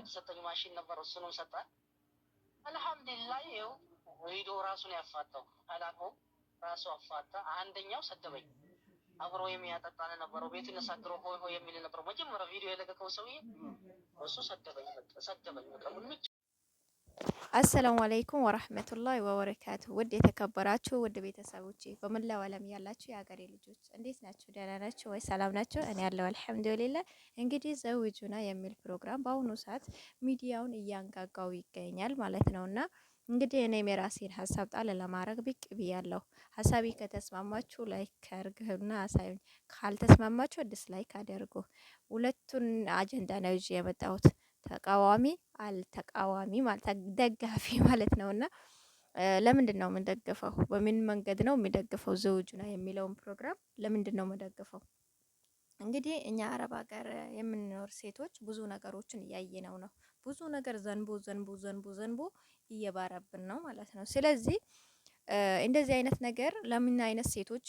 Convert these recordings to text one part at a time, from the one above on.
የተሰጠኝ ማሽን ነበር፣ እሱንም ሰጣል። አልሐምዱሊላ ይኸው ሂዶ ራሱን ያፋታው አላቆ ራሱ አፋታ። አንደኛው ሰደበኝ። አብሮ የሚያጠጣን ነበረው ቤቱን ያሳድሮ ሆይ ሆይ የሚል ነበረው መጀመሪያ ቪዲዮ የለቀቀው ሰውዬ እሱ ሰደበኝ፣ ሰደበኝ በቃ አሰላሙ አለይኩም ወራህመቱላሂ ወበረካቱ። ውድ የተከበራችሁ ውድ ቤተሰቦቼ በመላው ዓለም ያላችሁ የሀገሬ ልጆች እንዴት ናችሁ? ደህና ናችሁ ወይ? ሰላም ናችሁ? እኔ ያለው አልሐምዱሊላህ። እንግዲህ ዘውጁና የሚል ፕሮግራም በአሁኑ ሰዓት ሚዲያውን እያንጋጋው ይገኛል ማለት ነውና እንግዲህ እኔም የራሴን ሀሳብ ጣል ለማድረግ ብቅ ብያለሁ። ሀሳቢ ከተስማማችሁ ላይክ አድርጉና ሀሳቢ ካልተስማማችሁ ዲስላይክ አድርጉ። ሁለቱን አጀንዳ ነው ይዤ የመጣሁት። ተቃዋሚ አልተቃዋሚ ማለት ደጋፊ ማለት ነውና ለምንድን ነው የምንደግፈው? በምን መንገድ ነው የሚደግፈው? ዘውጁና የሚለውን ፕሮግራም ለምንድን ነው የምደግፈው? እንግዲህ እኛ አረብ ሀገር የምንኖር ሴቶች ብዙ ነገሮችን እያየነው ነው። ብዙ ነገር ዘንቦ ዘንቦ ዘንቦ ዘንቦ እየባረብን ነው ማለት ነው። ስለዚህ እንደዚህ አይነት ነገር ለምን አይነት ሴቶች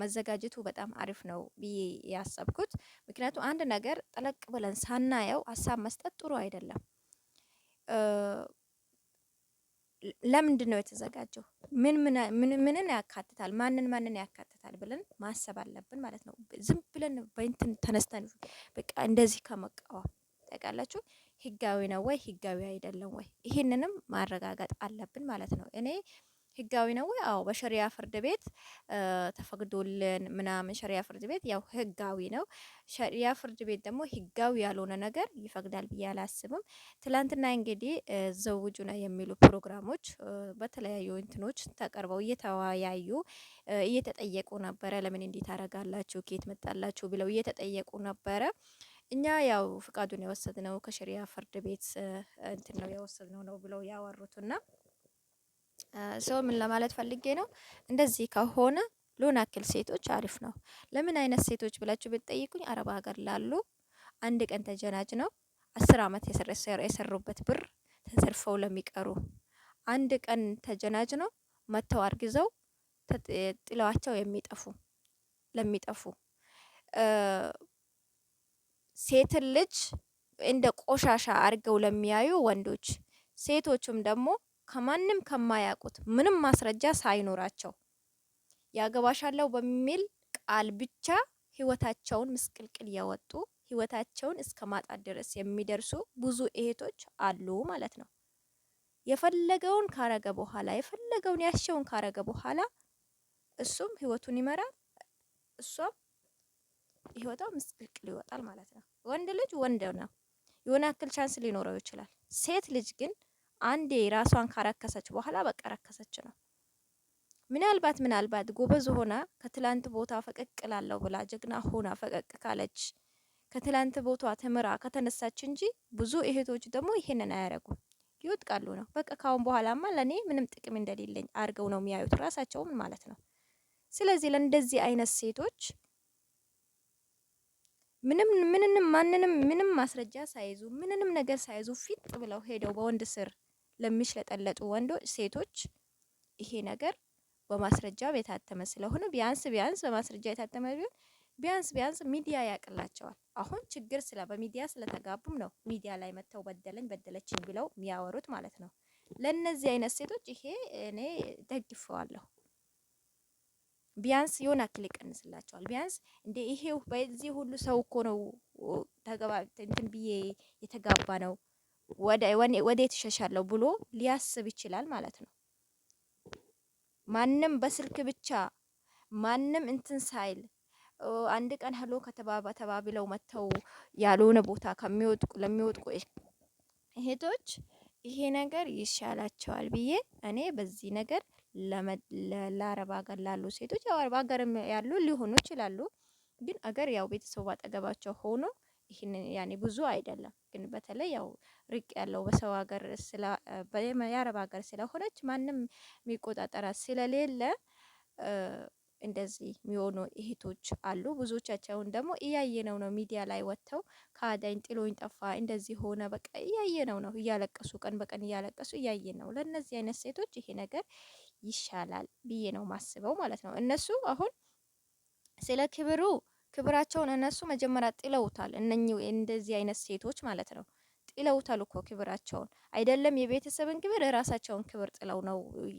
መዘጋጀቱ በጣም አሪፍ ነው ብዬ ያሰብኩት፣ ምክንያቱም አንድ ነገር ጠለቅ ብለን ሳናየው ሀሳብ መስጠት ጥሩ አይደለም። ለምንድን ነው የተዘጋጀው? ምን ምንን ያካትታል? ማንን ማንን ያካትታል ብለን ማሰብ አለብን ማለት ነው። ዝም ብለን በእንትን ተነስተን በቃ እንደዚህ ከመቃወም ታውቃላችሁ፣ ህጋዊ ነው ወይ ህጋዊ አይደለም ወይ ይህንንም ማረጋገጥ አለብን ማለት ነው እኔ ህጋዊ ነው ወይ? አዎ በሸሪያ ፍርድ ቤት ተፈቅዶልን ምናምን ሸሪያ ፍርድ ቤት ያው ህጋዊ ነው። ሸሪያ ፍርድ ቤት ደግሞ ህጋዊ ያልሆነ ነገር ይፈቅዳል ብዬ አላስብም። ትላንትና እንግዲህ ዘውጁና የሚሉ ፕሮግራሞች በተለያዩ እንትኖች ተቀርበው እየተወያዩ እየተጠየቁ ነበረ። ለምን እንዴት አረጋላችሁ ኬት መጣላችሁ ብለው እየተጠየቁ ነበረ። እኛ ያው ፍቃዱን የወሰድነው ከሸሪያ ፍርድ ቤት እንትን ነው የወሰድነው ነው ብለው ያወሩትና ሰው ምን ለማለት ፈልጌ ነው፣ እንደዚህ ከሆነ ሎን ያክል ሴቶች አሪፍ ነው። ለምን አይነት ሴቶች ብላችሁ ብትጠይቁኝ አረብ ሀገር ላሉ አንድ ቀን ተጀናጅ ነው አስር አመት የሰሩበት ብር ተዘርፈው ለሚቀሩ አንድ ቀን ተጀናጅ ነው መተው አርግዘው ጥለዋቸው የሚጠፉ ለሚጠፉ ሴትን ልጅ እንደ ቆሻሻ አድርገው ለሚያዩ ወንዶች ሴቶቹም ደግሞ ከማንም ከማያውቁት ምንም ማስረጃ ሳይኖራቸው ያገባሻለሁ በሚል ቃል ብቻ ህይወታቸውን ምስቅልቅል ያወጡ ህይወታቸውን እስከ ማጣት ድረስ የሚደርሱ ብዙ እህቶች አሉ ማለት ነው። የፈለገውን ካረገ በኋላ የፈለገውን ያሸውን ካረገ በኋላ እሱም ህይወቱን ይመራል፣ እሷም ህይወቷ ምስቅልቅል ይወጣል ማለት ነው። ወንድ ልጅ ወንድ ነው፣ የሆነ ያክል ቻንስ ሊኖረው ይችላል። ሴት ልጅ ግን አንዴ ራሷን ካረከሰች በኋላ በቃ ረከሰች ነው። ምናልባት ምናልባት ጎበዝ ሆና ከትላንት ቦታ ፈቀቅ ላለው ብላ ጀግና ሆና ፈቀቅ ካለች ከትላንት ቦታ ተምራ ከተነሳች እንጂ ብዙ እህቶች ደግሞ ይሄንን አያረጉም፣ ይወጥቃሉ ነው። በቃ ካሁን በኋላማ ለእኔ ምንም ጥቅም እንደሌለኝ አድርገው ነው የሚያዩት ራሳቸውም ማለት ነው። ስለዚህ ለእንደዚህ አይነት ሴቶች ምንም ምንንም ማንንም ምንም ማስረጃ ሳይዙ ምንንም ነገር ሳይዙ ፊጥ ብለው ሄደው በወንድ ስር ለሚሽለጠለጡ ወንዶች ሴቶች ይሄ ነገር በማስረጃ የታተመ ስለሆነ ቢያንስ ቢያንስ በማስረጃ የታተመ ቢሆን ቢያንስ ቢያንስ ሚዲያ ያቅላቸዋል። አሁን ችግር ስለ በሚዲያ ስለተጋቡም ነው ሚዲያ ላይ መጥተው በደለኝ በደለችኝ ብለው የሚያወሩት ማለት ነው። ለእነዚህ አይነት ሴቶች ይሄ እኔ ደግፈዋለሁ። ቢያንስ የሆነ አክል ይቀንስላቸዋል። ቢያንስ እንደ ይሄ በዚህ ሁሉ ሰው እኮ ነው ተገባ እንትን ብዬ የተጋባ ነው ወዴት እሸሻለሁ ብሎ ሊያስብ ይችላል ማለት ነው። ማንም በስልክ ብቻ ማንም እንትን ሳይል አንድ ቀን ሄሎ ከተባባ ተባብለው መተው ያልሆነ ቦታ ከሚወጥቁ ለሚወጥቁ እህቶች ይሄ ነገር ይሻላቸዋል ብዬ እኔ በዚህ ነገር ለአረብ ሀገር ላሉ ሴቶች ያው አረብ ያሉ ሊሆኑ ይችላሉ። ግን አገር ያው ቤተሰቡ አጠገባቸው ሆኖ ይህንን ያኔ ብዙ አይደለም ግን በተለይ ያው ርቅ ያለው በሰው ሀገር የአረብ ሀገር ስለሆነች ማንም የሚቆጣጠራት ስለሌለ እንደዚህ የሚሆኑ እህቶች አሉ። ብዙዎቻቸውን ደግሞ እያየነው ነው ሚዲያ ላይ ወጥተው ከአዳኝ ጥሎኝ ጠፋ፣ እንደዚህ ሆነ፣ በቃ እያየነው ነው እያለቀሱ ቀን በቀን እያለቀሱ እያየ ነው። ለእነዚህ አይነት ሴቶች ይሄ ነገር ይሻላል ብዬ ነው ማስበው ማለት ነው። እነሱ አሁን ስለ ክብሩ ክብራቸውን እነሱ መጀመሪያ ጥለውታል። እነኚህ እንደዚህ አይነት ሴቶች ማለት ነው ጥለውታል እኮ ክብራቸውን። አይደለም የቤተሰብን ክብር የራሳቸውን ክብር ጥለው ነው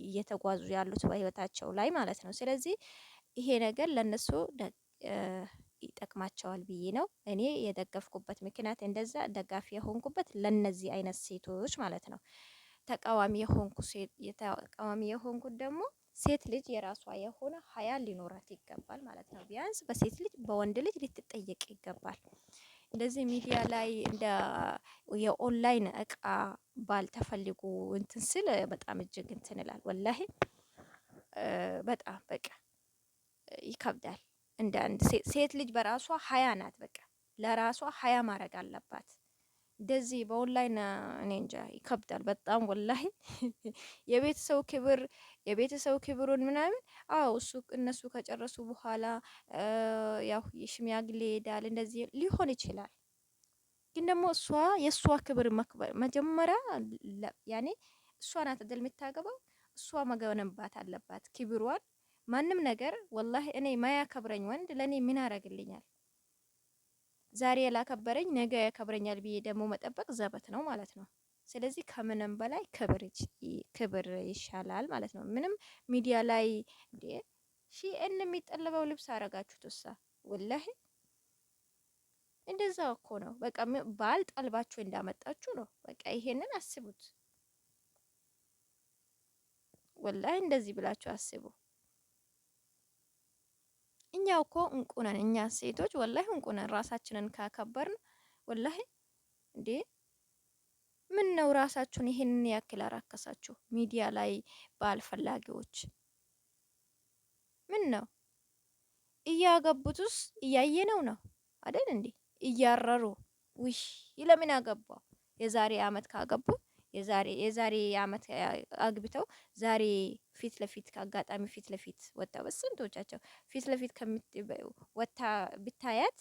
እየተጓዙ ያሉት በህይወታቸው ላይ ማለት ነው። ስለዚህ ይሄ ነገር ለነሱ ይጠቅማቸዋል ብዬ ነው እኔ የደገፍኩበት ምክንያት። እንደዛ ደጋፊ የሆንኩበት ለነዚህ አይነት ሴቶች ማለት ነው። ተቃዋሚ የሆንኩ ሴት ተቃዋሚ የሆንኩት ደግሞ ሴት ልጅ የራሷ የሆነ ሀያ ሊኖራት ይገባል ማለት ነው። ቢያንስ በሴት ልጅ በወንድ ልጅ ልትጠየቅ ይገባል። እንደዚህ ሚዲያ ላይ እንደ የኦንላይን እቃ ባልተፈልጉ እንትን ስል በጣም እጅግ እንትን እላል። ወላሂ በጣም በቃ ይከብዳል። እንደ አንድ ሴት ልጅ በራሷ ሀያ ናት። በቃ ለራሷ ሀያ ማድረግ አለባት። እንደዚህ በኦንላይን እኔ እንጃ ይከብዳል በጣም ወላሂ። የቤተሰው ክብር የቤተሰው ክብሩን ምናምን አዎ እሱ እነሱ ከጨረሱ በኋላ ያው ሽሚያግሌ ሄዳል እንደዚህ ሊሆን ይችላል። ግን ደግሞ እሷ የእሷ ክብር መክበር መጀመሪያ ያኔ እሷ ናት አይደል የምታገባው እሷ መገነባት አለባት ክብሯን። ማንም ነገር ወላሂ እኔ ማያከብረኝ ወንድ ለእኔ ምን አረግልኛል? ዛሬ ያላከበረኝ ነገ ያከብረኛል ብዬ ደግሞ መጠበቅ ዘበት ነው ማለት ነው። ስለዚህ ከምንም በላይ ክብር ይሻላል ማለት ነው። ምንም ሚዲያ ላይ እንዴ ሺ እን የሚጠለበው ልብስ አረጋችሁት እሳ ወላሂ እንደዛ እኮ ነው። በቃ ባል ጠልባችሁ እንዳመጣችሁ ነው። በቃ ይሄንን አስቡት። ወላሂ እንደዚህ ብላችሁ አስቡ። እኛ እኮ እንቁ ነን። እኛ ሴቶች ወላሂ እንቁ ነን። ራሳችንን ካከበርን ወላሂ እንዴ ምን ነው ራሳችሁን ይሄንን ያክል አራከሳችሁ? ሚዲያ ላይ ባል ፈላጊዎች ምን ነው እያገቡትስ እያየነው ነው አደል እንዴ? እያረሩ ውይ ለምን አገባው? የዛሬ አመት ካገቡት የዛሬ የዛሬ አመት አግብተው ዛሬ ፊት ለፊት አጋጣሚ ፊት ለፊት ወጣው በስንቶቻቸው ፊት ለፊት ወታ ብታያት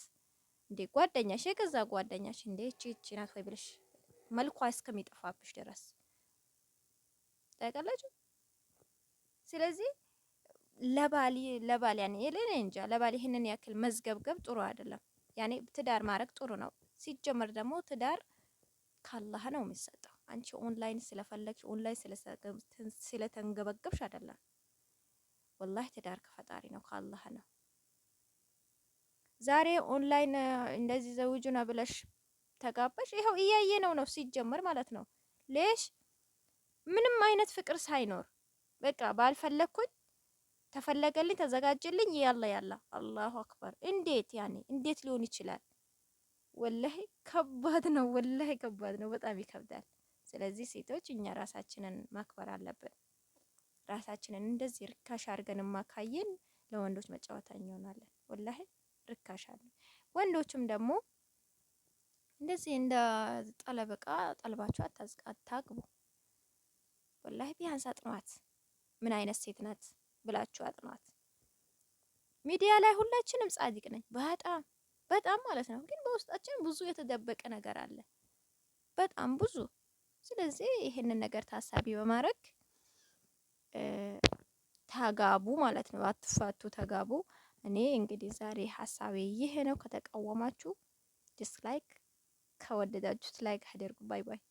እንዴ ጓደኛሽ የገዛ ጓደኛሽ እንዴ እቺ እቺ ናት ወይ ብለሽ መልኳ እስከሚጠፋብሽ ድረስ ታውቃላችሁ። ስለዚህ ለባል ለባል ያኔ የለኔ እንጃ ለባል ይሄንን ያክል መዝገብገብ ጥሩ አይደለም። ያኔ ትዳር ማድረግ ጥሩ ነው። ሲጀመር ደግሞ ትዳር ካላህ ነው የሚሰጠው። አንቺ ኦንላይን ስለፈለግሽ ኦንላይን ስለተንገበገብሽ አይደለም። ወላሂ ትዳር ከፈጣሪ ነው ከአላህ ነው። ዛሬ ኦንላይን እንደዚህ ዘውጁና ብለሽ ተጋባሽ፣ ይኸው እያየ ነው ነው ሲጀመር ማለት ነው። ሌሽ ምንም አይነት ፍቅር ሳይኖር በቃ ባልፈለግኩኝ ተፈለገልኝ ተዘጋጀልኝ፣ ያላ ያላ አላሁ አክበር። እንዴት ያኔ እንዴት ሊሆን ይችላል? ወላሂ ከባድ ነው። ወላሂ ከባድ ነው። በጣም ይከብዳል። ስለዚህ ሴቶች እኛ ራሳችንን ማክበር አለብን። ራሳችንን እንደዚህ ርካሽ አድርገን ማካየን ለወንዶች መጫወታ እንሆናለን። ወላሂ ርካሽ አለ። ወንዶቹም ደግሞ እንደዚህ እንደ ጠለበቃ ጠልባችሁ አታግቡ። ወላሂ ቢያንስ አጥኗት፣ ምን አይነት ሴት ናት ብላችሁ አጥኗት። ሚዲያ ላይ ሁላችንም ጻድቅ ነኝ በጣም በጣም ማለት ነው፣ ግን በውስጣችን ብዙ የተደበቀ ነገር አለ በጣም ብዙ ስለዚህ ይሄንን ነገር ታሳቢ በማድረግ ተጋቡ ማለት ነው። አትፋቱ፣ ተጋቡ። እኔ እንግዲህ ዛሬ ሀሳቤ ይሄ ነው። ከተቃወማችሁ ዲስላይክ፣ ከወደዳችሁት ላይክ አድርጉ። ባይ ባይ።